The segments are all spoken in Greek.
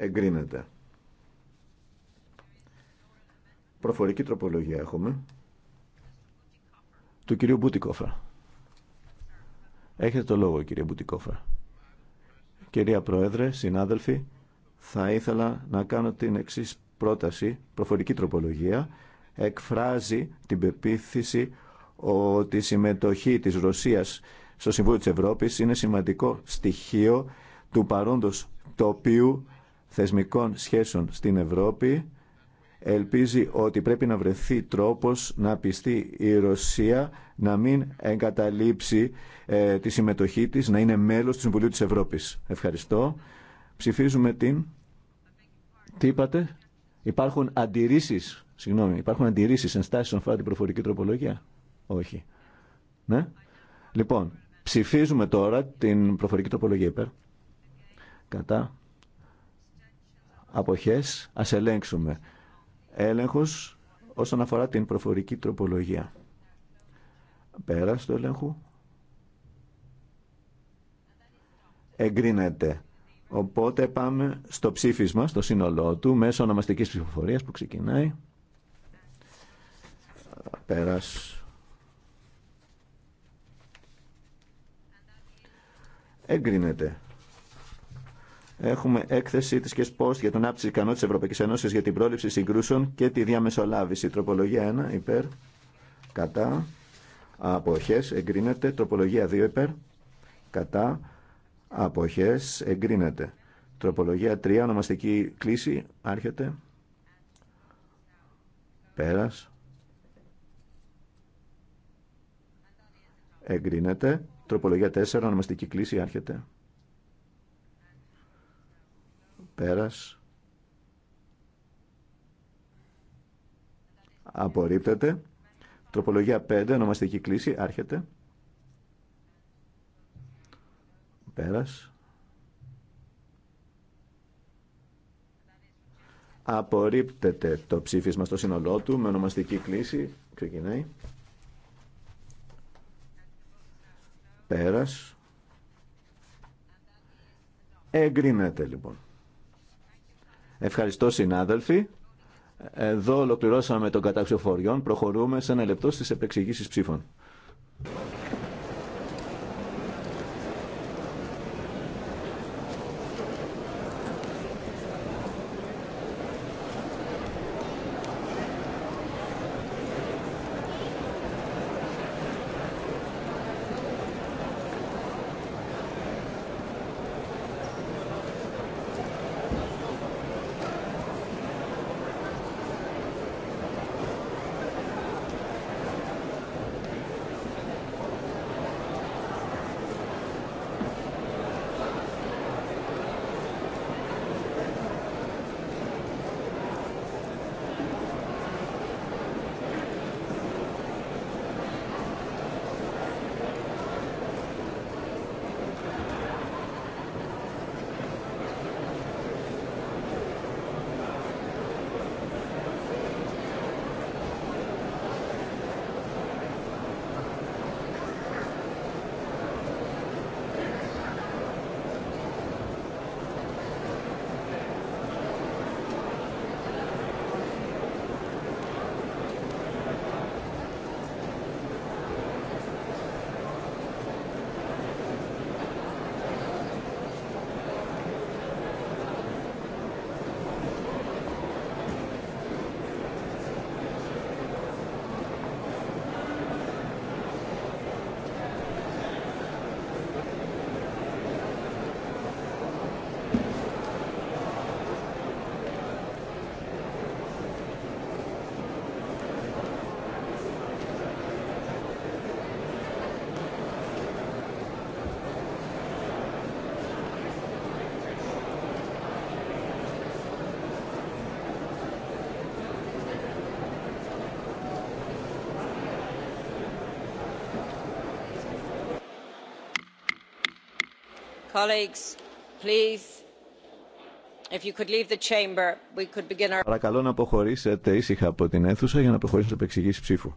εγκρίνεται. Προφορική τροπολογία έχουμε. Του κυρίου Μπουτικόφα. Έχετε το λόγο κύριε Μπουτικόφα. Κυρία Πρόεδρε, συνάδελφοι, θα ήθελα να κάνω την εξής πρόταση, προφορική τροπολογία, εκφράζει την πεποίθηση ότι η συμμετοχή της Ρωσίας στο Συμβούλιο της Ευρώπης είναι σημαντικό στοιχείο του παρόντος τοπίου θεσμικών σχέσεων στην Ευρώπη ελπίζει ότι πρέπει να βρεθεί τρόπος να πιστεί η Ρωσία να μην εγκαταλείψει ε, τη συμμετοχή της, να είναι μέλος του Συμβουλίου της Ευρώπης. Ευχαριστώ. Ψηφίζουμε την... Τι είπατε? Υπάρχουν αντιρρήσεις, συγγνώμη, υπάρχουν αντιρρήσεις ενστάσεις όσον αφορά την προφορική τροπολογία. Όχι. Ναι. Λοιπόν, ψηφίζουμε τώρα την προφορική τροπολογία υπέρ. Κατά αποχές, ας ελέγξουμε. Έλεγχος όσον αφορά την προφορική τροπολογία. Πέρας του έλεγχου. Εγκρίνεται. Οπότε πάμε στο ψήφισμα, στο σύνολό του, μέσω ονομαστικής ψηφοφορίας που ξεκινάει. Πέρας. Εγκρίνεται. Έχουμε έκθεση τη ΚΕΣΠΟΣΤ για τον άπτυξη ικανό τη Ευρωπαϊκή Ένωση για την πρόληψη συγκρούσεων και τη διαμεσολάβηση. Τροπολογία 1 υπέρ. Κατά. Αποχέ. Εγκρίνεται. Τροπολογία 2 υπέρ. Κατά. Αποχέ. Εγκρίνεται. Τροπολογία 3. Ονομαστική κλίση. Άρχεται. Πέρα. Εγκρίνεται. Τροπολογία 4. Ονομαστική κλίση. Άρχεται. Πέρας. Απορρίπτεται. Τροπολογία 5, ονομαστική κλίση, άρχεται. Πέρας. Απορρίπτεται το ψήφισμα στο σύνολό του με ονομαστική κλίση. Ξεκινάει. Πέρας. Εγκρίνεται λοιπόν. Ευχαριστώ συνάδελφοι. Εδώ ολοκληρώσαμε τον κατάξιο φοριών. Προχωρούμε σε ένα λεπτό στις επεξηγήσεις ψήφων. Colleagues, please, if you could leave the chamber, we could begin our... Παρακαλώ να αποχωρήσετε ήσυχα από την αίθουσα για να προχωρήσουμε στο επεξηγήσεις ψήφου.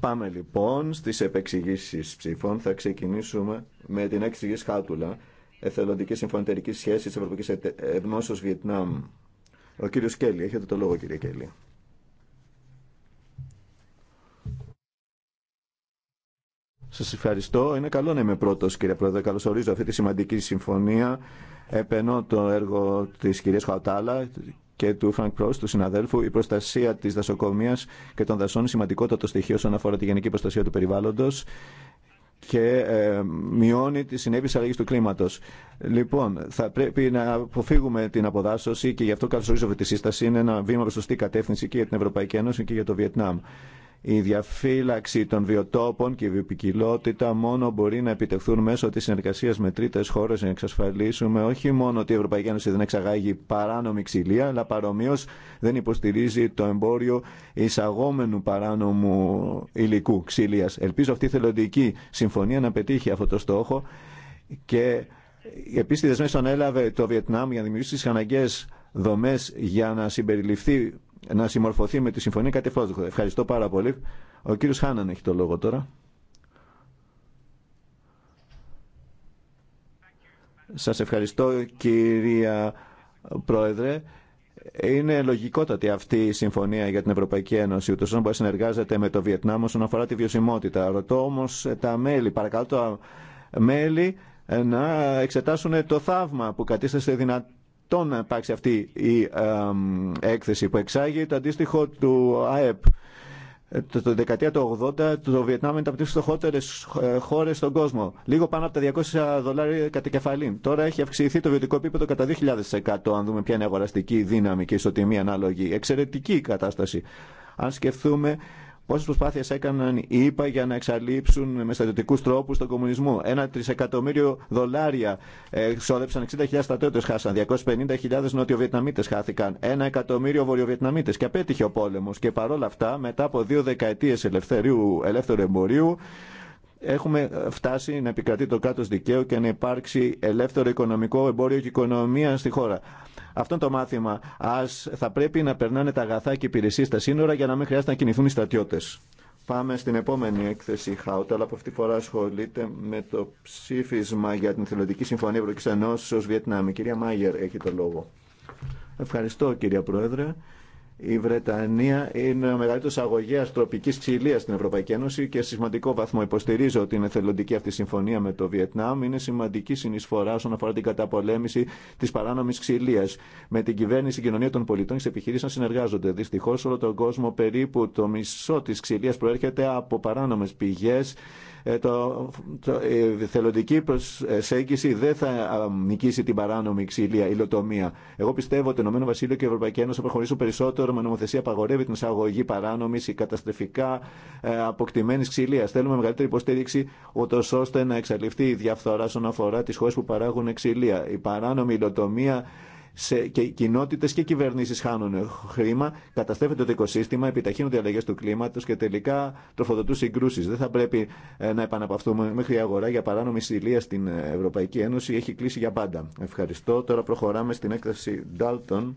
Πάμε λοιπόν στις επεξηγήσεις ψήφων. Θα ξεκινήσουμε με την έξηγη χάτουλα εθελοντική συμφωνητερική σχέση τη Ευρωπαϊκής Ενώσεως Βιετνάμ. Ο κύριος Κέλλη, έχετε το λόγο κύριε Κέλλη. Σα ευχαριστώ. Είναι καλό να είμαι πρώτο, κύριε Πρόεδρε. Καλωσορίζω αυτή τη σημαντική συμφωνία. Επενώ το έργο τη κυρία Χαουτάλα και του Φρανκ Πρόσ του συναδέλφου, η προστασία τη δασοκομεία και των δασών είναι σημαντικότατο στοιχείο όσον αφορά τη γενική προστασία του περιβάλλοντο και ε, μειώνει τη συνέπειε αλλαγή του κλίματο. Λοιπόν, θα πρέπει να αποφύγουμε την αποδάσωση και γι' αυτό καθορίζω αυτή τη σύσταση. Είναι ένα βήμα προ σωστή κατεύθυνση και για την Ευρωπαϊκή Ένωση και για το Βιετνάμ. Η διαφύλαξη των βιοτόπων και η βιοπικιλότητα μόνο μπορεί να επιτευχθούν μέσω τη συνεργασία με τρίτε χώρε για να εξασφαλίσουμε όχι μόνο ότι η Ευρωπαϊκή Ένωση δεν εξαγάγει παράνομη ξυλία, αλλά παρομοίω δεν υποστηρίζει το εμπόριο εισαγόμενου παράνομου υλικού ξυλία. Ελπίζω αυτή η θελοντική συμφωνία να πετύχει αυτό το στόχο και επίση τη δεσμεύση έλαβε το Βιετνάμ για να δημιουργήσει τι αναγκαίε δομέ για να συμπεριληφθεί να συμμορφωθεί με τη συμφωνία κάτι Ευχαριστώ πάρα πολύ. Ο κύριος Χάναν έχει το λόγο τώρα. Σας ευχαριστώ κυρία Πρόεδρε. Είναι λογικότατη αυτή η συμφωνία για την Ευρωπαϊκή Ένωση, ούτω ώστε συνεργάζεται με το Βιετνάμ όσον αφορά τη βιωσιμότητα. Ρωτώ όμω τα μέλη, παρακαλώ τα μέλη να εξετάσουν το θαύμα που κατήστασε δυνατό τον να υπάρξει αυτή η έκθεση που εξάγει το αντίστοιχο του ΑΕΠ. Ε, το, το δεκαετία του 80 το Βιετνάμ ήταν από τις φτωχότερες ε, χώρες στον κόσμο. Λίγο πάνω από τα 200 δολάρια κατά κεφαλή. Τώρα έχει αυξηθεί το βιωτικό επίπεδο κατά 2.000% αν δούμε ποια είναι αγοραστική δύναμη και ισοτιμία ανάλογη. Εξαιρετική κατάσταση. Αν σκεφτούμε Πόσε προσπάθειε έκαναν οι ΗΠΑ για να εξαλείψουν με στρατιωτικού τρόπου τον κομμουνισμό. Ένα τρισεκατομμύριο δολάρια εξόδεψαν, 60.000 στρατιώτε χάσαν, 250.000 νοτιο χάθηκαν, ένα εκατομμύριο βορειοβιετναμίτε. Και απέτυχε ο πόλεμο. Και παρόλα αυτά, μετά από δύο δεκαετίε ελευθερίου, ελεύθερου εμπορίου, έχουμε φτάσει να επικρατεί το κράτο δικαίου και να υπάρξει ελεύθερο οικονομικό εμπόριο και οικονομία στη χώρα. Αυτό είναι το μάθημα. Α θα πρέπει να περνάνε τα αγαθά και υπηρεσίε στα σύνορα για να μην χρειάζεται να κινηθούν οι στρατιώτε. Πάμε στην επόμενη έκθεση Χάουτα, αλλά από αυτή τη φορά ασχολείται με το ψήφισμα για την Θελοντική Συμφωνία Ευρωπαϊκή ως Βιετνάμ. κυρία Μάγερ έχει το λόγο. Ευχαριστώ, κυρία Πρόεδρε. Η Βρετανία είναι ο μεγαλύτερο αγωγέα τροπική ξυλία στην Ευρωπαϊκή Ένωση και σε σημαντικό βαθμό υποστηρίζω την εθελοντική αυτή συμφωνία με το Βιετνάμ. Είναι σημαντική συνεισφορά όσον αφορά την καταπολέμηση τη παράνομη ξυλία. Με την κυβέρνηση, η κοινωνία των πολιτών και τι επιχειρήσει να συνεργάζονται. Δυστυχώ, όλο τον κόσμο περίπου το μισό τη ξυλία προέρχεται από παράνομε πηγέ ε, το, το, η θελοντική προσέγγιση δεν θα νικήσει την παράνομη ξυλία, η Εγώ πιστεύω ότι το ΕΒ και η ΕΕ θα προχωρήσουν περισσότερο με νομοθεσία απαγορεύει την εισαγωγή παράνομη ή καταστρεφικά ε, αποκτημένη ξυλία. Θέλουμε μεγαλύτερη υποστήριξη, ούτω ώστε να εξαλειφθεί η διαφθορά όσον αφορά τι χώρε που παράγουν ξυλία. Η διαφθορα στον αφορα τι χωρε που λοτομία σε, και κοινότητε και κυβερνήσει χάνουν χρήμα, καταστρέφεται το οικοσύστημα, επιταχύνονται οι αλλαγέ του κλίματο και τελικά τροφοδοτούν συγκρούσει. Δεν θα πρέπει ε, να επαναπαυθούμε μέχρι η αγορά για παράνομη συλλία στην Ευρωπαϊκή Ένωση έχει κλείσει για πάντα. Ευχαριστώ. Τώρα προχωράμε στην έκταση Dalton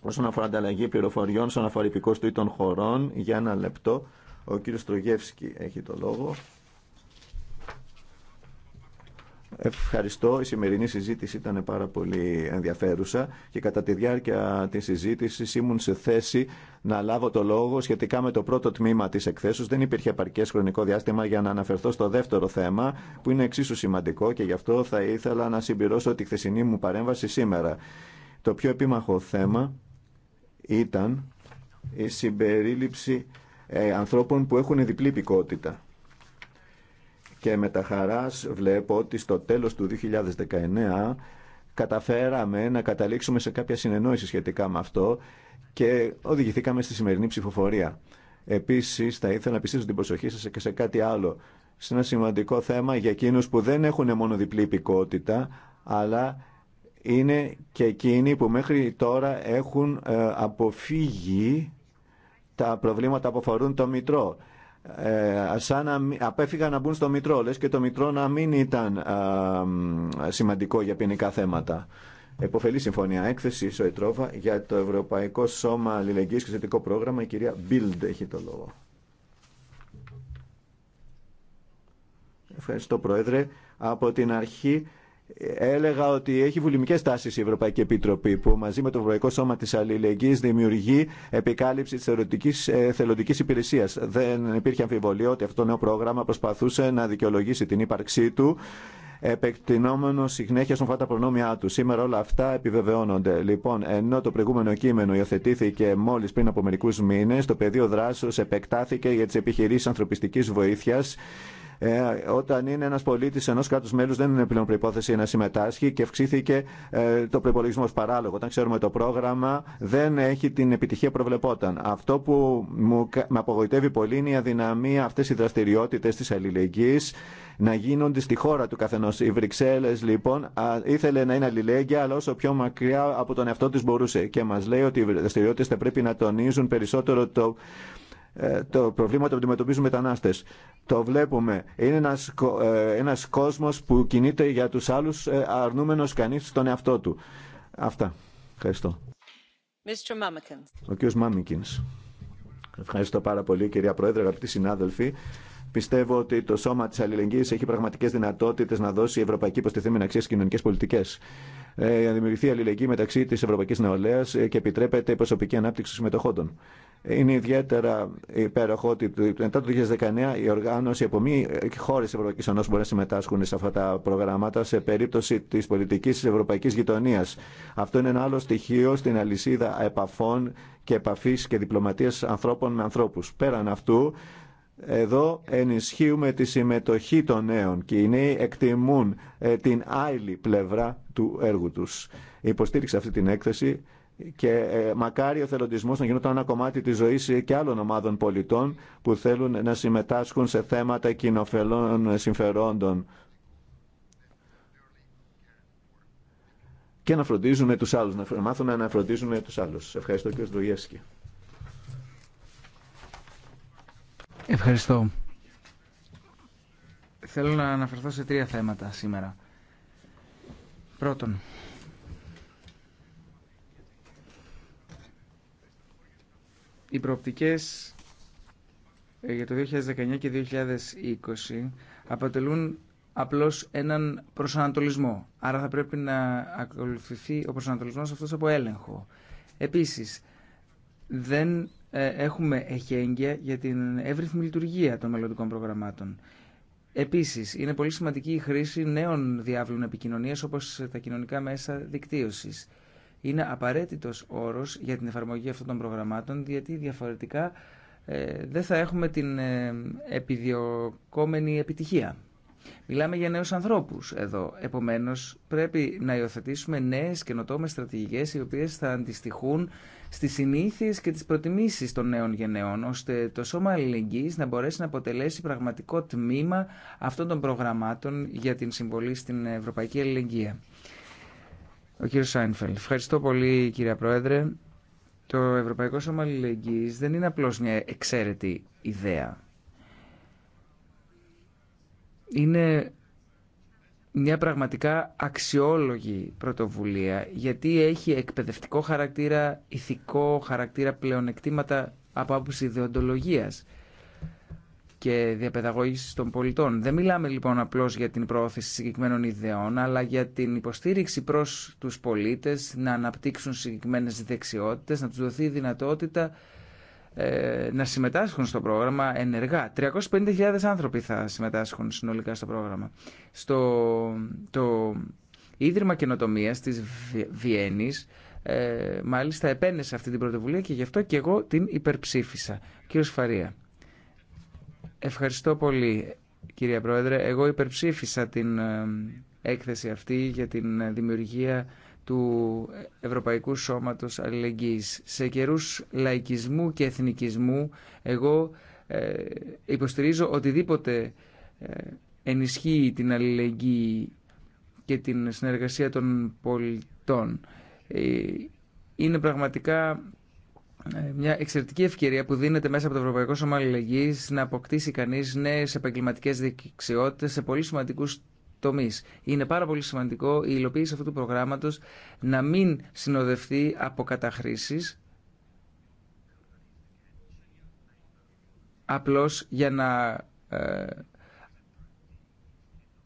όσον αφορά ανταλλαγή πληροφοριών, όσον αφορά υπηκό των χωρών. Για ένα λεπτό, ο κύριο Τρογεύσκη έχει το λόγο. Ευχαριστώ. Η σημερινή συζήτηση ήταν πάρα πολύ ενδιαφέρουσα και κατά τη διάρκεια τη συζήτηση ήμουν σε θέση να λάβω το λόγο σχετικά με το πρώτο τμήμα τη εκθέσεω. Δεν υπήρχε επαρκέ χρονικό διάστημα για να αναφερθώ στο δεύτερο θέμα, που είναι εξίσου σημαντικό και γι' αυτό θα ήθελα να συμπληρώσω τη χθεσινή μου παρέμβαση σήμερα. Το πιο επίμαχο θέμα ήταν η συμπερίληψη ε, ανθρώπων που έχουν διπλή υπηκότητα και με τα χαράς βλέπω ότι στο τέλος του 2019 καταφέραμε να καταλήξουμε σε κάποια συνεννόηση σχετικά με αυτό και οδηγηθήκαμε στη σημερινή ψηφοφορία. Επίσης θα ήθελα να πιστήσω την προσοχή σας και σε κάτι άλλο, σε ένα σημαντικό θέμα για εκείνους που δεν έχουν μόνο διπλή υπηκότητα, αλλά είναι και εκείνοι που μέχρι τώρα έχουν ε, αποφύγει τα προβλήματα που αφορούν το μητρό ε, σαν να απέφυγαν να μπουν στο Μητρό, και το Μητρό να μην ήταν σημαντικό για ποινικά θέματα. Εποφελή συμφωνία έκθεση Σοϊτρόβα για το Ευρωπαϊκό Σώμα Αλληλεγγύης και Σχετικό Πρόγραμμα. Η κυρία Μπίλντ έχει το λόγο. Ευχαριστώ Πρόεδρε. Από την αρχή έλεγα ότι έχει βουλημικέ τάσει η Ευρωπαϊκή Επιτροπή που μαζί με το Ευρωπαϊκό Σώμα τη Αλληλεγγύη δημιουργεί επικάλυψη τη ε, θελοντική υπηρεσία. Δεν υπήρχε αμφιβολία ότι αυτό το νέο πρόγραμμα προσπαθούσε να δικαιολογήσει την ύπαρξή του επεκτηνόμενο συγνέχεια στον φάτα προνόμια του. Σήμερα όλα αυτά επιβεβαιώνονται. Λοιπόν, ενώ το προηγούμενο κείμενο υιοθετήθηκε μόλι πριν από μερικού μήνε, το πεδίο δράσεω επεκτάθηκε για τι επιχειρήσει ανθρωπιστική βοήθεια ε, όταν είναι ένα πολίτη ενό κράτου μέλου, δεν είναι πλέον προπόθεση να συμμετάσχει και αυξήθηκε ε, το προπολογισμό παράλογο. Όταν ξέρουμε το πρόγραμμα, δεν έχει την επιτυχία προβλεπόταν. Αυτό που μου, με απογοητεύει πολύ είναι η αδυναμία αυτέ οι δραστηριότητε τη αλληλεγγύη να γίνονται στη χώρα του καθενό. Οι Βρυξέλλε, λοιπόν, α, ήθελε να είναι αλληλέγγυα, αλλά όσο πιο μακριά από τον εαυτό τη μπορούσε. Και μα λέει ότι οι δραστηριότητε θα πρέπει να τονίζουν περισσότερο το ε, το προβλήμα που αντιμετωπίζουν μετανάστε. Το βλέπουμε. Είναι ένα ε, ένας κόσμος που κινείται για του άλλου. Ε, αρνούμενος κανεί τον εαυτό του. Αυτά. Ευχαριστώ. Ο κ. Μάμικιν. Ευχαριστώ πάρα πολύ κυρία Πρόεδρε, αγαπητοί συνάδελφοι. Πιστεύω ότι το σώμα τη αλληλεγγύη έχει πραγματικέ δυνατότητε να δώσει ευρωπαϊκή προστιθέμενη αξία στι κοινωνικέ πολιτικέ. Ε, να δημιουργηθεί αλληλεγγύη μεταξύ τη Ευρωπαϊκή Νεολαία ε, και επιτρέπεται η προσωπική ανάπτυξη συμμετοχόντων. Είναι ιδιαίτερα υπέροχο ότι μετά το 2019 η οργάνωση από μη χώρε τη Ευρωπαϊκή Ενώση μπορεί να συμμετάσχουν σε αυτά τα προγράμματα σε περίπτωση τη πολιτική τη Ευρωπαϊκή Γειτονία. Αυτό είναι ένα άλλο στοιχείο στην αλυσίδα επαφών και επαφή και διπλωματία ανθρώπων με ανθρώπου. Πέραν αυτού, εδώ ενισχύουμε τη συμμετοχή των νέων και οι νέοι εκτιμούν ε, την άλλη πλευρά του έργου τους. Υποστήριξα αυτή την έκθεση και ε, μακάρι ο θελοντισμός να γινόταν ένα κομμάτι της ζωής και άλλων ομάδων πολιτών που θέλουν να συμμετάσχουν σε θέματα κοινοφελών συμφερόντων και να φροντίζουν τους άλλους, να μάθουν να φροντίζουν τους άλλους. Ευχαριστώ κύριε Ευχαριστώ. Θέλω να αναφερθώ σε τρία θέματα σήμερα. Πρώτον, οι προοπτικές ε, για το 2019 και 2020 αποτελούν απλώς έναν προσανατολισμό. Άρα θα πρέπει να ακολουθηθεί ο προσανατολισμός αυτός από έλεγχο. Επίσης, δεν ε, έχουμε εχέγγυα για την εύρυθμη λειτουργία των μελλοντικών προγραμμάτων. Επίσης, είναι πολύ σημαντική η χρήση νέων διάβλων επικοινωνία όπω τα κοινωνικά μέσα δικτύωσης. Είναι απαραίτητο όρος για την εφαρμογή αυτών των προγραμμάτων, γιατί διαφορετικά ε, δεν θα έχουμε την ε, επιδιωκόμενη επιτυχία. Μιλάμε για νέους ανθρώπους εδώ. Επομένως, πρέπει να υιοθετήσουμε νέες καινοτόμε στρατηγικές οι οποίες θα αντιστοιχούν στις συνήθειε και τις προτιμήσεις των νέων γενεών, ώστε το Σώμα αλληλεγγύη να μπορέσει να αποτελέσει πραγματικό τμήμα αυτών των προγραμμάτων για την συμβολή στην Ευρωπαϊκή Αλληλεγγύη. Ο κύριο Σάινφελ. Ευχαριστώ πολύ κύριε Πρόεδρε. Το Ευρωπαϊκό Σώμα Αλληλεγγύη δεν είναι απλώ μια εξαίρετη ιδέα είναι μια πραγματικά αξιόλογη πρωτοβουλία γιατί έχει εκπαιδευτικό χαρακτήρα, ηθικό χαρακτήρα, πλεονεκτήματα από άποψη ιδεοντολογίας και διαπαιδαγώγηση των πολιτών. Δεν μιλάμε λοιπόν απλώς για την προώθηση συγκεκριμένων ιδεών, αλλά για την υποστήριξη προς τους πολίτες να αναπτύξουν συγκεκριμένες δεξιότητες, να τους δοθεί η δυνατότητα ε, να συμμετάσχουν στο πρόγραμμα ενεργά. 350.000 άνθρωποι θα συμμετάσχουν συνολικά στο πρόγραμμα. Στο το Ίδρυμα Καινοτομίας της Βιέννης ε, μάλιστα επένεσε αυτή την πρωτοβουλία και γι' αυτό και εγώ την υπερψήφισα. Κύριο Φαρία, ευχαριστώ πολύ κυρία Πρόεδρε. Εγώ υπερψήφισα την ε, έκθεση αυτή για την ε, δημιουργία του Ευρωπαϊκού Σώματος Αλληλεγγύης. Σε καιρούς λαϊκισμού και εθνικισμού εγώ ε, υποστηρίζω οτιδήποτε ε, ενισχύει την αλληλεγγύη και την συνεργασία των πολιτών. Ε, είναι πραγματικά ε, μια εξαιρετική ευκαιρία που δίνεται μέσα από το Ευρωπαϊκό Σώμα Αλληλεγγύης να αποκτήσει κανείς νέες επαγγελματικές δεξιότητες σε πολύ σημαντικούς Τομεί, Είναι πάρα πολύ σημαντικό η υλοποίηση αυτού του προγράμματος να μην συνοδευτεί από καταχρήσει απλώς για να ε,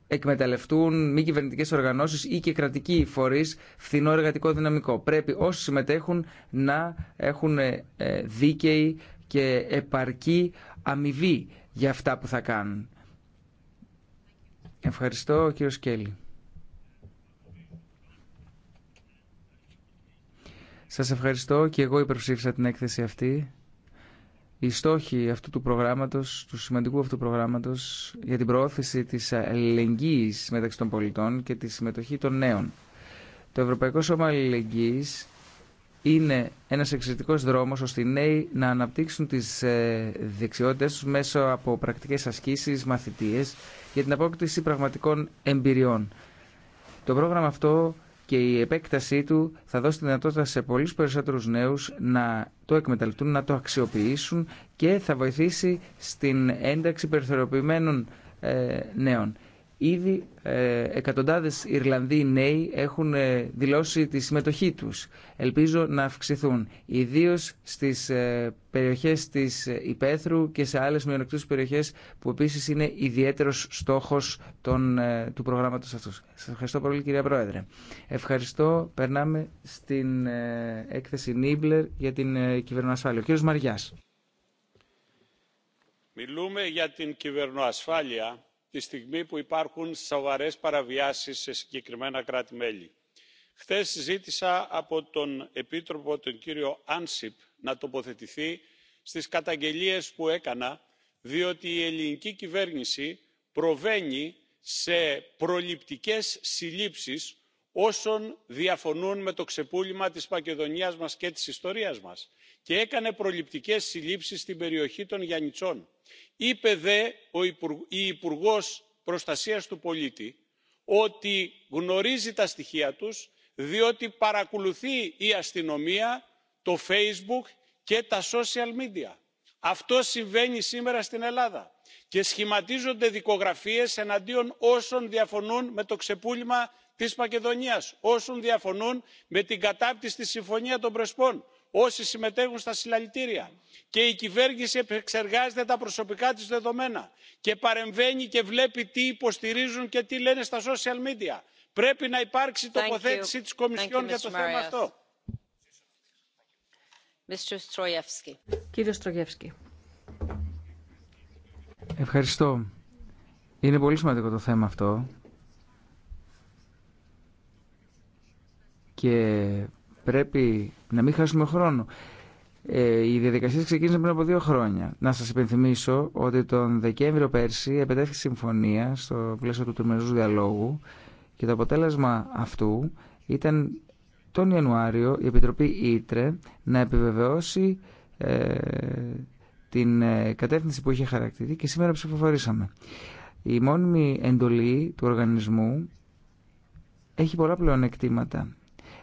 εκμεταλλευτούν μη κυβερνητικέ οργανώσεις ή και κρατικοί φορεί φθηνό εργατικό δυναμικό. Πρέπει όσοι συμμετέχουν να έχουν ε, ε, δίκαιη και επαρκή αμοιβή για αυτά που θα κάνουν. Ευχαριστώ, κύριο Σκέλη. Σας ευχαριστώ και εγώ υπερψήφισα την έκθεση αυτή. Η στόχοι αυτού του προγράμματος, του σημαντικού αυτού προγράμματος για την προώθηση της αλληλεγγύης μεταξύ των πολιτών και τη συμμετοχή των νέων. Το Ευρωπαϊκό Σώμα Αλληλεγγύης είναι ένα εξαιρετικό δρόμος ώστε οι νέοι να αναπτύξουν τις ε, δεξιότητες τους μέσω από πρακτικέ ασκήσει, μαθητείε για την απόκτηση πραγματικών εμπειριών. Το πρόγραμμα αυτό και η επέκτασή του θα δώσει τη δυνατότητα σε πολλού περισσότερους νέους να το εκμεταλλευτούν, να το αξιοποιήσουν και θα βοηθήσει στην ένταξη περιθωριοποιημένων ε, νέων. Ήδη ε, εκατοντάδες Ιρλανδοί νέοι έχουν ε, δηλώσει τη συμμετοχή τους. Ελπίζω να αυξηθούν, ιδίως στις ε, περιοχές της Υπέθρου και σε άλλες μειονεκτούς περιοχές που επίσης είναι ιδιαίτερος στόχος των, του προγράμματος αυτού. Σας ευχαριστώ πολύ κυρία Πρόεδρε. Ευχαριστώ. Περνάμε στην έκθεση Νίμπλερ για την κυβερνοασφάλεια. Ο κύριος Μαριάς. Μιλούμε για την κυβερνοασφάλεια τη στιγμή που υπάρχουν σοβαρές παραβιάσεις σε συγκεκριμένα κράτη μέλη. χθες ζήτησα από τον επίτροπο τον κύριο Άνσιπ, να τοποθετηθεί στις καταγγελίες που έκανα διότι η ελληνική κυβέρνηση προβαίνει σε προληπτικές συλλήψεις όσων διαφωνούν με το ξεπούλημα της μακεδονίας μας και της ιστορίας μας και έκανε προληπτικές συλλήψεις στην περιοχή των γιαννιτσών. είπε δε η υπουργός προστασίας του πολίτη ότι γνωρίζει τα στοιχεία τους διότι παρακολουθεί η αστυνομία το facebook και τα social media. αυτό συμβαίνει σήμερα στην ελλάδα και σχηματίζονται δικογραφίες εναντίον όσων διαφωνούν με το ξεπούλημα της μακεδονίας όσων διαφωνούν με την κατάπτυστη συμφωνία των πρεσπών όσοι συμμετέχουν στα συλλαλητήρια και η κυβέρνηση επεξεργάζεται τα προσωπικά της δεδομένα και παρεμβαίνει και βλέπει τι υποστηρίζουν και τι λένε στα social media. πρέπει να υπάρξει τοποθέτηση της κομισιόν για το θέμα αυτό. Κύριε Στρογεύσκη. Ευχαριστώ. Είναι πολύ σημαντικό το θέμα αυτό και πρέπει να μην χάσουμε χρόνο. Ε, οι διαδικασίε ξεκίνησαν πριν από δύο χρόνια. Να σα υπενθυμίσω ότι τον Δεκέμβριο πέρσι επιτέθηκε συμφωνία στο πλαίσιο του τριμερού διαλόγου και το αποτέλεσμα αυτού ήταν τον Ιανουάριο η Επιτροπή Ήτρε να επιβεβαιώσει ε, την ε, κατεύθυνση που είχε χαρακτηρίσει και σήμερα ψηφοφορήσαμε. Η μόνιμη εντολή του οργανισμού έχει πολλά πλεονεκτήματα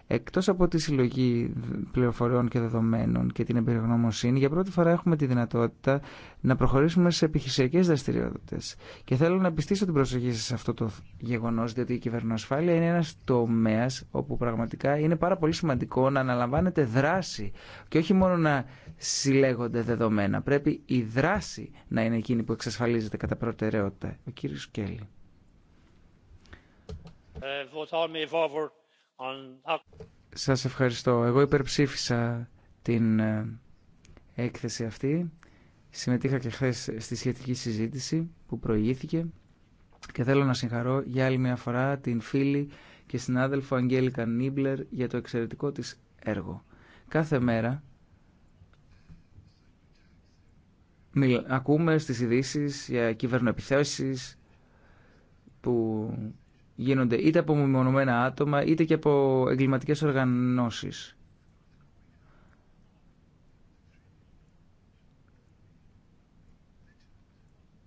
Εκτός από τη συλλογή πληροφοριών και δεδομένων και την εμπειρογνωμοσύνη, για πρώτη φορά έχουμε τη δυνατότητα να προχωρήσουμε σε επιχειρησιακές δραστηριότητες. Και θέλω να πιστήσω την προσοχή σας σε αυτό το γεγονός, διότι η κυβερνοασφάλεια είναι ένας τομέας όπου πραγματικά είναι πάρα πολύ σημαντικό να αναλαμβάνεται δράση και όχι μόνο να συλλέγονται δεδομένα. Πρέπει η δράση να είναι εκείνη που εξασφαλίζεται κατά προτεραιότητα. Ο κύριο Κέλλη. Ε, σας ευχαριστώ. Εγώ υπερψήφισα την ε, έκθεση αυτή. Συμμετείχα και χθε στη σχετική συζήτηση που προηγήθηκε και θέλω να συγχαρώ για άλλη μια φορά την φίλη και συνάδελφο Αγγέλικα Νίμπλερ για το εξαιρετικό της έργο. Κάθε μέρα ακούμε στις ειδήσει για κυβερνοεπιθέσεις που γίνονται είτε από μεμονωμένα άτομα είτε και από εγκληματικές οργανώσεις.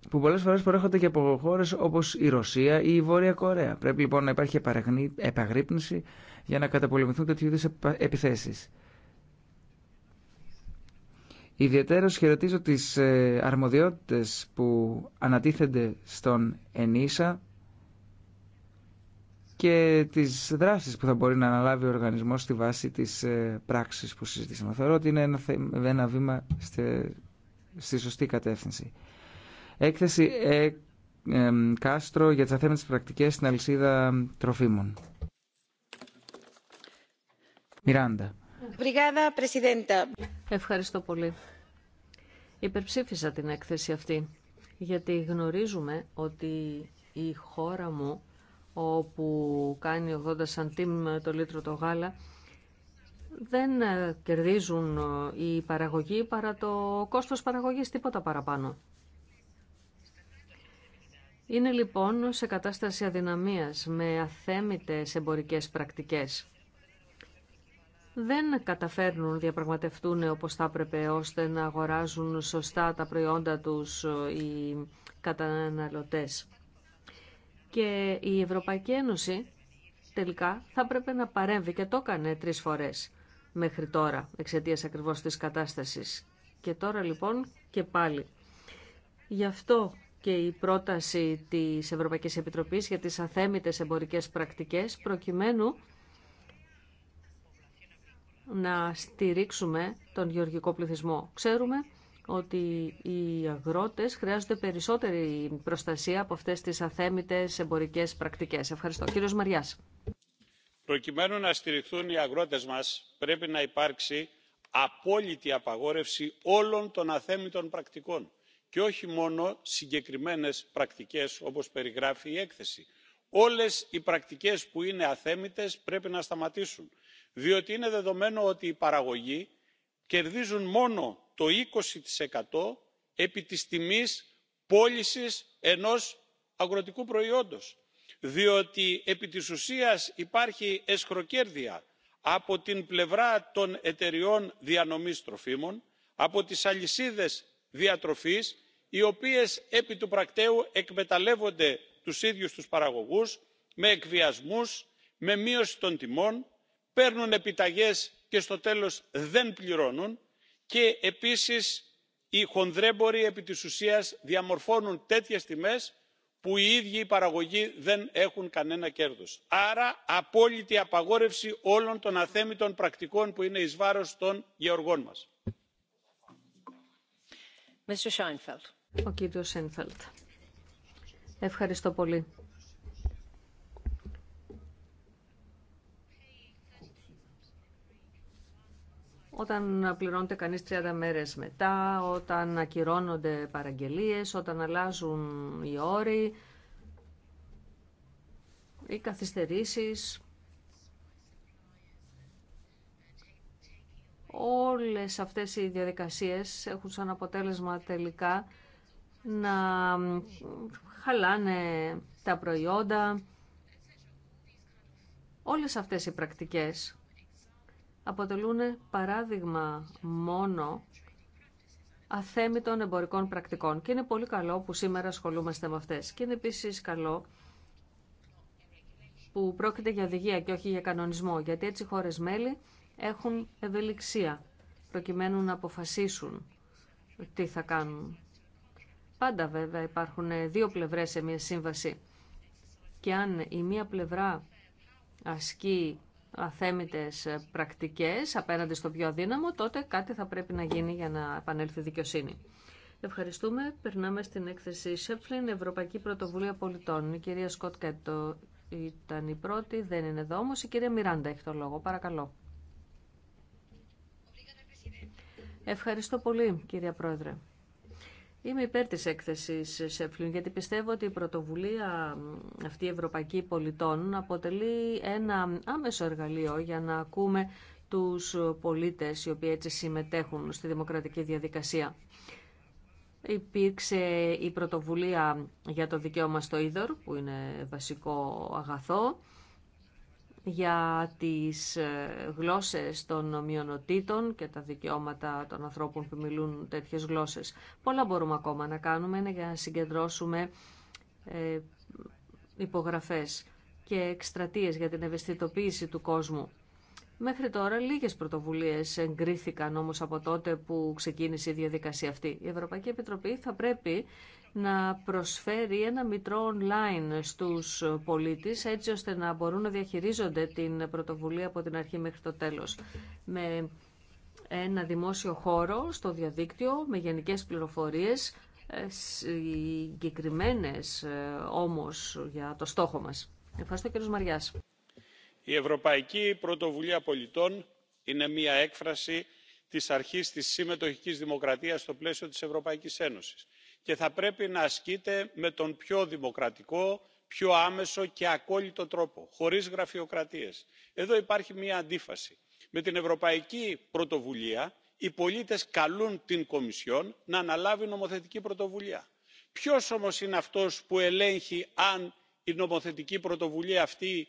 που πολλές φορές προέρχονται και από χώρες όπως η Ρωσία ή η Βόρεια Κορέα. Πρέπει λοιπόν να υπάρχει επαγρύπνηση για να καταπολεμηθούν τέτοιου είδους επιθέσεις. Ιδιαίτερος χαιρετίζω τις ε, αρμοδιότητες που ανατίθενται στον ΕΝΙΣΑ και τις δράσεις που θα μπορεί να αναλάβει ο οργανισμός στη βάση της ε, πράξης που συζητήσαμε. Θεωρώ ότι είναι ένα, ένα βήμα στη, στη σωστή κατεύθυνση. Έκθεση ε, ε, Κάστρο για τις αθέμενες πρακτικές στην αλυσίδα τροφίμων. Μιράντα. Ευχαριστώ πολύ. Υπερψήφισα την έκθεση αυτή, γιατί γνωρίζουμε ότι η χώρα μου όπου κάνει 80 σαντίμ το λίτρο το γάλα, δεν ε, κερδίζουν ε, οι παραγωγοί παρά το κόστος παραγωγής τίποτα παραπάνω. Είναι λοιπόν σε κατάσταση αδυναμίας με αθέμητες εμπορικές πρακτικές. Δεν καταφέρνουν να διαπραγματευτούν όπως θα έπρεπε ώστε να αγοράζουν σωστά τα προϊόντα τους ε, οι καταναλωτές. Και η Ευρωπαϊκή Ένωση τελικά θα έπρεπε να παρέμβει και το έκανε τρεις φορές μέχρι τώρα εξαιτίας ακριβώς της κατάστασης. Και τώρα λοιπόν και πάλι. Γι' αυτό και η πρόταση της Ευρωπαϊκής Επιτροπής για τις αθέμητες εμπορικές πρακτικές προκειμένου να στηρίξουμε τον γεωργικό πληθυσμό. Ξέρουμε ότι οι αγρότες χρειάζονται περισσότερη προστασία από αυτές τις αθέμητες εμπορικές πρακτικές. Ευχαριστώ. Κύριος Μαριάς. Προκειμένου να στηριχθούν οι αγρότες μας πρέπει να υπάρξει απόλυτη απαγόρευση όλων των αθέμητων πρακτικών και όχι μόνο συγκεκριμένες πρακτικές όπως περιγράφει η έκθεση. Όλες οι πρακτικές που είναι αθέμητες πρέπει να σταματήσουν διότι είναι δεδομένο ότι οι παραγωγοί κερδίζουν μόνο το 20% επί της τιμής πώλησης ενός αγροτικού προϊόντος διότι επί της ουσίας υπάρχει αισχροκέρδεια από την πλευρά των εταιριών διανομής τροφίμων από τις αλυσίδες διατροφής οι οποίες επί του πρακτέου εκμεταλλεύονται τους ίδιους τους παραγωγούς με εκβιασμούς με μείωση των τιμών παίρνουν επιταγές και στο τέλος δεν πληρώνουν και επίσης οι χονδρέμποροι επί της ουσίας διαμορφώνουν τέτοιες τιμές που οι ίδιοι οι παραγωγοί δεν έχουν κανένα κέρδος. άρα απόλυτη απαγόρευση όλων των αθέμητων πρακτικών που είναι εις βάρος των γεωργών μας. Ο Ευχαριστώ πολύ. όταν πληρώνεται κανείς 30 μέρες μετά, όταν ακυρώνονται παραγγελίες, όταν αλλάζουν οι όροι, οι καθυστερήσεις, όλες αυτές οι διαδικασίες έχουν σαν αποτέλεσμα τελικά να χαλάνε τα προϊόντα. Όλες αυτές οι πρακτικές αποτελούν παράδειγμα μόνο αθέμητων εμπορικών πρακτικών και είναι πολύ καλό που σήμερα ασχολούμαστε με αυτές. Και είναι επίσης καλό που πρόκειται για οδηγία και όχι για κανονισμό, γιατί έτσι οι χώρες μέλη έχουν ευελιξία προκειμένου να αποφασίσουν τι θα κάνουν. Πάντα βέβαια υπάρχουν δύο πλευρές σε μια σύμβαση και αν η μία πλευρά ασκεί αθέμητες πρακτικές απέναντι στο πιο αδύναμο, τότε κάτι θα πρέπει να γίνει για να επανέλθει δικαιοσύνη. Ευχαριστούμε. Περνάμε στην έκθεση Σέφλιν, Ευρωπαϊκή Πρωτοβουλία Πολιτών. Η κυρία Σκοτ Κέτο ήταν η πρώτη, δεν είναι εδώ όμως. Η κυρία Μιράντα έχει το λόγο. Παρακαλώ. Ευχαριστώ πολύ, κυρία Πρόεδρε. Είμαι υπέρ της έκθεσης Σέπφλιν γιατί πιστεύω ότι η πρωτοβουλία αυτή η Ευρωπαϊκή Πολιτών αποτελεί ένα άμεσο εργαλείο για να ακούμε τους πολίτες οι οποίοι έτσι συμμετέχουν στη δημοκρατική διαδικασία. Υπήρξε η πρωτοβουλία για το δικαίωμα στο είδωρ που είναι βασικό αγαθό για τις ε, γλώσσες των μειονοτήτων και τα δικαιώματα των ανθρώπων που μιλούν τέτοιες γλώσσες. Πολλά μπορούμε ακόμα να κάνουμε για να συγκεντρώσουμε ε, υπογραφές και εκστρατείες για την ευαισθητοποίηση του κόσμου. Μέχρι τώρα λίγες πρωτοβουλίες εγκρίθηκαν όμως από τότε που ξεκίνησε η διαδικασία αυτή. Η Ευρωπαϊκή Επιτροπή θα πρέπει να προσφέρει ένα μητρό online στους πολίτες έτσι ώστε να μπορούν να διαχειρίζονται την πρωτοβουλία από την αρχή μέχρι το τέλος. Με ένα δημόσιο χώρο στο διαδίκτυο με γενικές πληροφορίες ε, συγκεκριμένε ε, όμως για το στόχο μας. Ευχαριστώ κύριος Μαριάς. Η Ευρωπαϊκή Πρωτοβουλία Πολιτών είναι μία έκφραση της αρχής της συμμετοχικής δημοκρατίας στο πλαίσιο της Ευρωπαϊκής Ένωσης και θα πρέπει να ασκείται με τον πιο δημοκρατικό πιο άμεσο και ακόλιτο τρόπο χωρίς γραφειοκρατίες. εδώ υπάρχει μια αντίφαση. με την ευρωπαϊκή πρωτοβουλία οι πολίτες καλούν την κομισιόν να αναλάβει νομοθετική πρωτοβουλία. ποιος όμως είναι αυτός που ελέγχει αν η νομοθετική πρωτοβουλία αυτή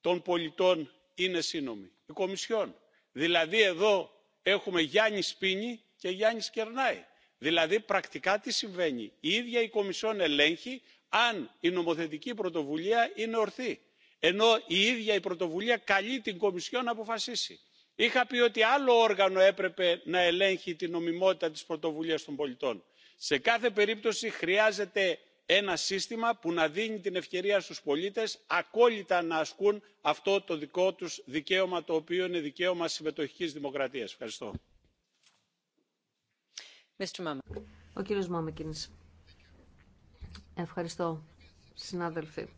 των πολιτών είναι σύνομη; η κομισιόν. δηλαδή εδώ έχουμε γιάννη σπίνη και γιάννη σκερνάη δηλαδή πρακτικά τι συμβαίνει η ίδια η κομισιόν ελέγχει αν η νομοθετική πρωτοβουλία είναι ορθή ενώ η ίδια η πρωτοβουλία καλεί την κομισιόν να αποφασίσει. είχα πει ότι άλλο όργανο έπρεπε να ελέγχει την νομιμότητα της πρωτοβουλίας των πολιτών. σε κάθε περίπτωση χρειάζεται ένα σύστημα που να δίνει την ευκαιρία στους πολίτες ακόλυτα να ασκούν αυτό το δικό τους δικαίωμα το οποίο είναι δικαίωμα συμμετοχικής δημοκρατίας. ευχαριστώ. Ο κύριος Μάμεκινς. Ευχαριστώ, συνάδελφοι.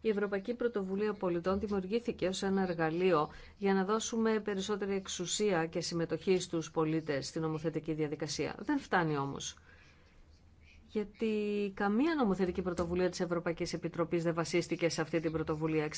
Η Ευρωπαϊκή Πρωτοβουλία Πολιτών δημιουργήθηκε ως ένα εργαλείο για να δώσουμε περισσότερη εξουσία και συμμετοχή στους πολίτες στην ομοθετική διαδικασία. Δεν φτάνει όμως γιατί καμία νομοθετική πρωτοβουλία της Ευρωπαϊκής Επιτροπής δεν βασίστηκε σε αυτή την πρωτοβουλία.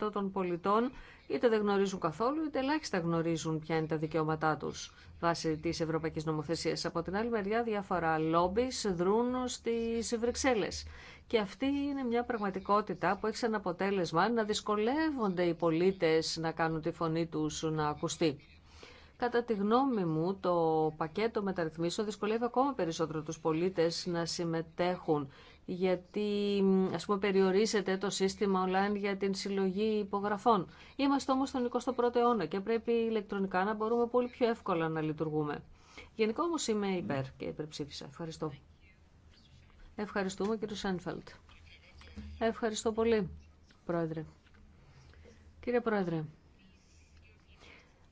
63% των πολιτών είτε δεν γνωρίζουν καθόλου, είτε ελάχιστα γνωρίζουν ποια είναι τα δικαιώματά τους βάσει της Ευρωπαϊκής Νομοθεσίας. Από την άλλη μεριά, διάφορα λόμπι δρούν στις Βρυξέλλες. Και αυτή είναι μια πραγματικότητα που έχει σαν αποτέλεσμα να δυσκολεύονται οι πολίτες να κάνουν τη φωνή τους να ακουστεί. Κατά τη γνώμη μου, το πακέτο μεταρρυθμίσεων δυσκολεύει ακόμα περισσότερο τους πολίτες να συμμετέχουν, γιατί ας πούμε περιορίζεται το σύστημα online για την συλλογή υπογραφών. Είμαστε όμως στον 21ο αιώνα και πρέπει ηλεκτρονικά να μπορούμε πολύ πιο εύκολα να λειτουργούμε. Γενικό όμως είμαι υπέρ και υπερψήφισα. Ευχαριστώ. Ευχαριστούμε κύριο Σένφελτ. Ευχαριστώ πολύ, Πρόεδρε. Κύριε Πρόεδρε,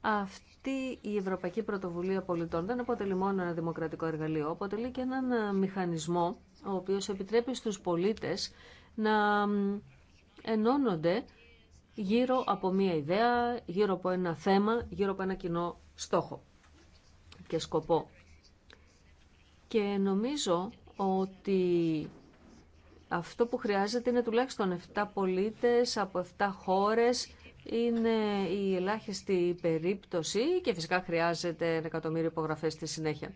αυτή η Ευρωπαϊκή Πρωτοβουλία Πολιτών δεν αποτελεί μόνο ένα δημοκρατικό εργαλείο, αποτελεί και έναν ε, μηχανισμό ο οποίος επιτρέπει στους πολίτες να ενώνονται γύρω από μία ιδέα, γύρω από ένα θέμα, γύρω από ένα κοινό στόχο και σκοπό. Και νομίζω ότι αυτό που χρειάζεται είναι τουλάχιστον 7 πολίτες από 7 χώρες είναι η ελάχιστη περίπτωση και φυσικά χρειάζεται εκατομμύρια εκατομμύριο υπογραφές στη συνέχεια.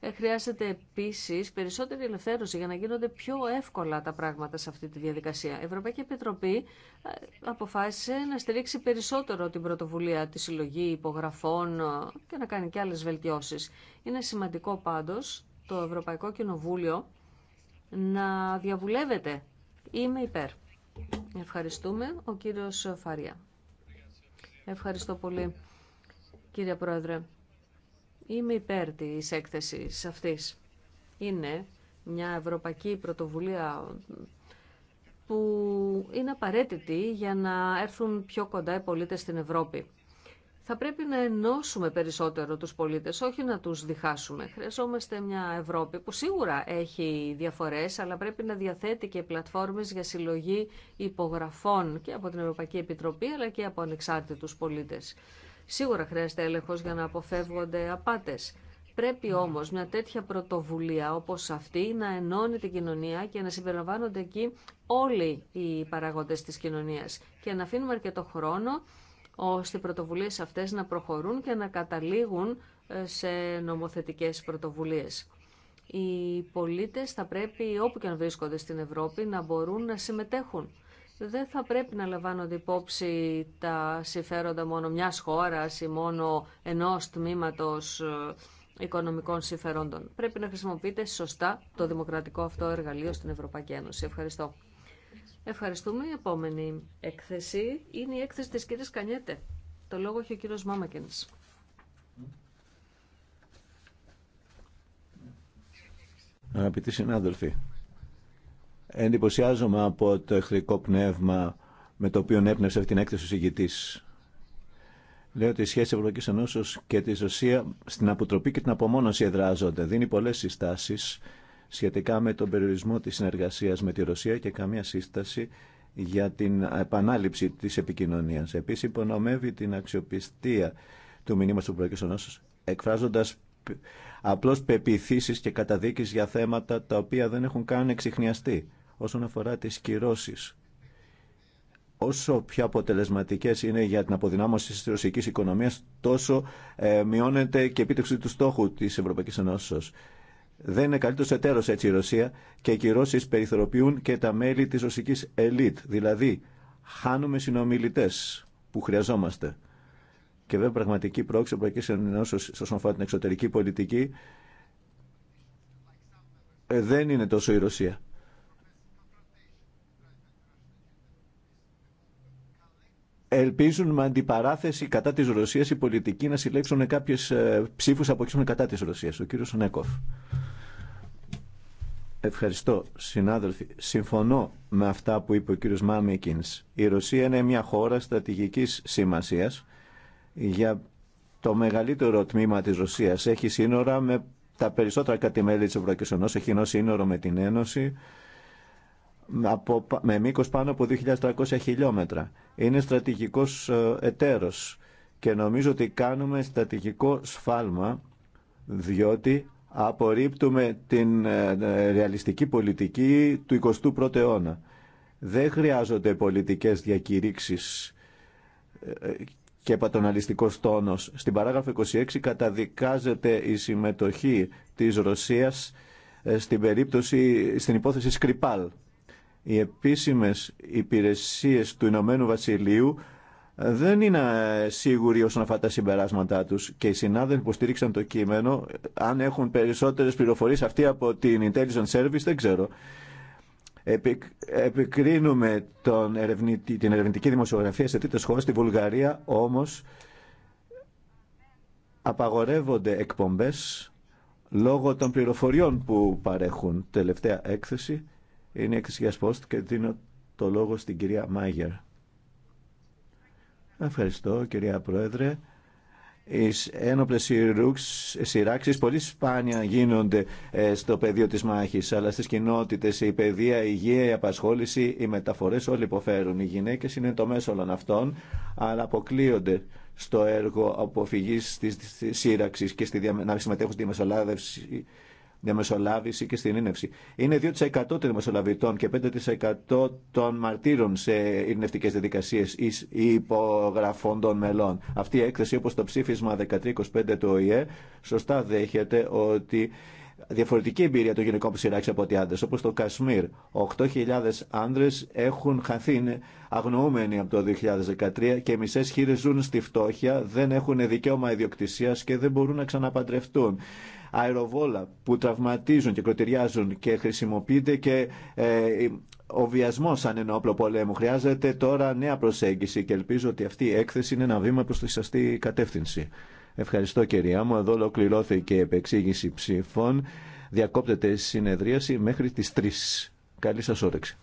Ε, χρειάζεται επίση περισσότερη ελευθέρωση για να γίνονται πιο εύκολα τα πράγματα σε αυτή τη διαδικασία. Η Ευρωπαϊκή Επιτροπή ε, αποφάσισε να στηρίξει περισσότερο την πρωτοβουλία τη συλλογή υπογραφών ε, και να κάνει και άλλε βελτιώσει. Είναι σημαντικό πάντω το Ευρωπαϊκό Κοινοβούλιο να διαβουλεύεται. Είμαι υπέρ. Ευχαριστούμε. Ο κύριο Φαρία. Ευχαριστώ πολύ, κύριε Πρόεδρε. Είμαι υπέρ της έκθεσης αυτής. Είναι μια ευρωπαϊκή πρωτοβουλία που είναι απαραίτητη για να έρθουν πιο κοντά οι πολίτες στην Ευρώπη. Θα πρέπει να ενώσουμε περισσότερο τους πολίτες, όχι να τους διχάσουμε. Χρειαζόμαστε μια Ευρώπη που σίγουρα έχει διαφορές, αλλά πρέπει να διαθέτει και πλατφόρμες για συλλογή υπογραφών και από την Ευρωπαϊκή Επιτροπή, αλλά και από ανεξάρτητους πολίτες. Σίγουρα χρειάζεται έλεγχος για να αποφεύγονται απάτες. Πρέπει όμως μια τέτοια πρωτοβουλία όπως αυτή να ενώνει την κοινωνία και να συμπεριλαμβάνονται εκεί όλοι οι παραγόντες της κοινωνίας και να αφήνουμε αρκετό χρόνο ώστε οι πρωτοβουλίες αυτές να προχωρούν και να καταλήγουν ε, σε νομοθετικές πρωτοβουλίες. Οι πολίτες θα πρέπει όπου και αν βρίσκονται στην Ευρώπη να μπορούν να συμμετέχουν. Δεν θα πρέπει να λαμβάνονται υπόψη τα συμφέροντα μόνο μιας χώρας ή μόνο ενός τμήματος ε, οικονομικών συμφερόντων. Πρέπει να χρησιμοποιείται σωστά το δημοκρατικό αυτό εργαλείο στην Ευρωπαϊκή Ένωση. Ευχαριστώ. Ευχαριστούμε. Η επόμενη έκθεση είναι η έκθεση της κυρίας Κανιέτε. Το λόγο έχει ο κύριος Μάμακενς. Αγαπητοί συνάδελφοι, εντυπωσιάζομαι από το εχθρικό πνεύμα με το οποίο έπνευσε αυτή την έκθεση ο συγγητής. Λέω ότι οι σχέσει Ευρωπαϊκή Ενώσεω και τη Ρωσία στην αποτροπή και την απομόνωση εδράζονται. Δίνει πολλέ συστάσει σχετικά με τον περιορισμό της συνεργασίας με τη Ρωσία και καμία σύσταση για την επανάληψη της επικοινωνίας. Επίσης υπονομεύει την αξιοπιστία του μηνύματος του Συνόσου εκφράζοντας απλώς πεπιθήσεις και καταδίκες για θέματα τα οποία δεν έχουν καν εξηχνιαστεί όσον αφορά τις κυρώσεις. Όσο πιο αποτελεσματικέ είναι για την αποδυνάμωση τη ρωσική οικονομία, τόσο ε, μειώνεται και επίτευξη του στόχου τη Ευρωπαϊκή Ενώση δεν είναι καλύτερο εταίρο έτσι η Ρωσία και οι κυρώσει περιθωριοποιούν και τα μέλη τη ρωσική ελίτ. Δηλαδή, χάνουμε συνομιλητέ που χρειαζόμαστε. Και βέβαια, πραγματική πρόξη Ευρωπαϊκή Ενώσεω όσον αφορά την εξωτερική πολιτική ε, δεν είναι τόσο η Ρωσία. Ελπίζουν με αντιπαράθεση κατά της Ρωσίας οι πολιτικοί να συλλέξουν κάποιες ε, ψήφους από εκεί κατά της Ρωσίας. Ο κύριος Νέκοφ. Ευχαριστώ, συνάδελφοι. Συμφωνώ με αυτά που είπε ο κύριος Μάμικινς. Η Ρωσία είναι μια χώρα στρατηγικής σημασίας για το μεγαλύτερο τμήμα της Ρωσίας. Έχει σύνορα με τα περισσότερα κατημέλη της Ευρωπαϊκή έχει ενό σύνορο με την Ένωση, με μήκος πάνω από 2.300 χιλιόμετρα. Είναι στρατηγικός ε, εταίρος και νομίζω ότι κάνουμε στρατηγικό σφάλμα διότι απορρίπτουμε την ε, ε, ρεαλιστική πολιτική του 21ου αιώνα. Δεν χρειάζονται πολιτικές διακηρύξεις ε, και πατοναλιστικός τόνος. Στην παράγραφο 26 καταδικάζεται η συμμετοχή της Ρωσίας στην, περίπτωση, στην υπόθεση Σκρυπάλ. Οι επίσημες υπηρεσίες του Ηνωμένου Βασιλείου δεν είναι ε, σίγουροι όσον αφορά τα συμπεράσματά τους και οι συνάδελφοι που στήριξαν το κείμενο αν έχουν περισσότερες πληροφορίες αυτοί από την Intelligence Service δεν ξέρω. επικρίνουμε τον ερευνητή, την ερευνητική δημοσιογραφία σε τρίτες χώρες, στη Βουλγαρία όμως απαγορεύονται εκπομπές λόγω των πληροφοριών που παρέχουν. Τελευταία έκθεση είναι η έκθεση για και δίνω το λόγο στην κυρία Μάγερ. Ευχαριστώ κυρία Πρόεδρε. Οι ένοπλε σειράξει. πολύ σπάνια γίνονται ε, στο πεδίο τη μάχη, αλλά στι κοινότητε, η παιδεία, η υγεία, η απασχόληση, οι μεταφορέ όλοι υποφέρουν. Οι γυναίκε είναι το μέσο όλων αυτών, αλλά αποκλείονται στο έργο αποφυγή τη σύραξη και στη, να συμμετέχουν στη Μεσολάδευση διαμεσολάβηση και στην ίνευση. Είναι 2% των διαμεσολαβητών και 5% των μαρτύρων σε ειρηνευτικές διαδικασίες ή υπογραφών των μελών. Αυτή η έκθεση, όπως το ψήφισμα 1325 του ΟΗΕ, σωστά δέχεται ότι διαφορετική εμπειρία των γυναικών που σειράξει από ότι άντρε, όπω το Κασμίρ. 8.000 άντρε έχουν χαθεί, είναι αγνοούμενοι από το 2013 και μισέ χείρε ζουν στη φτώχεια, δεν έχουν δικαίωμα ιδιοκτησία και δεν μπορούν να ξαναπαντρευτούν αεροβόλα που τραυματίζουν και κροτηριάζουν και χρησιμοποιείται και ε, ο βιασμό σαν ένα όπλο πολέμου. Χρειάζεται τώρα νέα προσέγγιση και ελπίζω ότι αυτή η έκθεση είναι ένα βήμα προ τη σωστή κατεύθυνση. Ευχαριστώ κυρία μου. Εδώ ολοκληρώθηκε η επεξήγηση ψήφων. Διακόπτεται η συνεδρίαση μέχρι τις 3. Καλή σας όρεξη.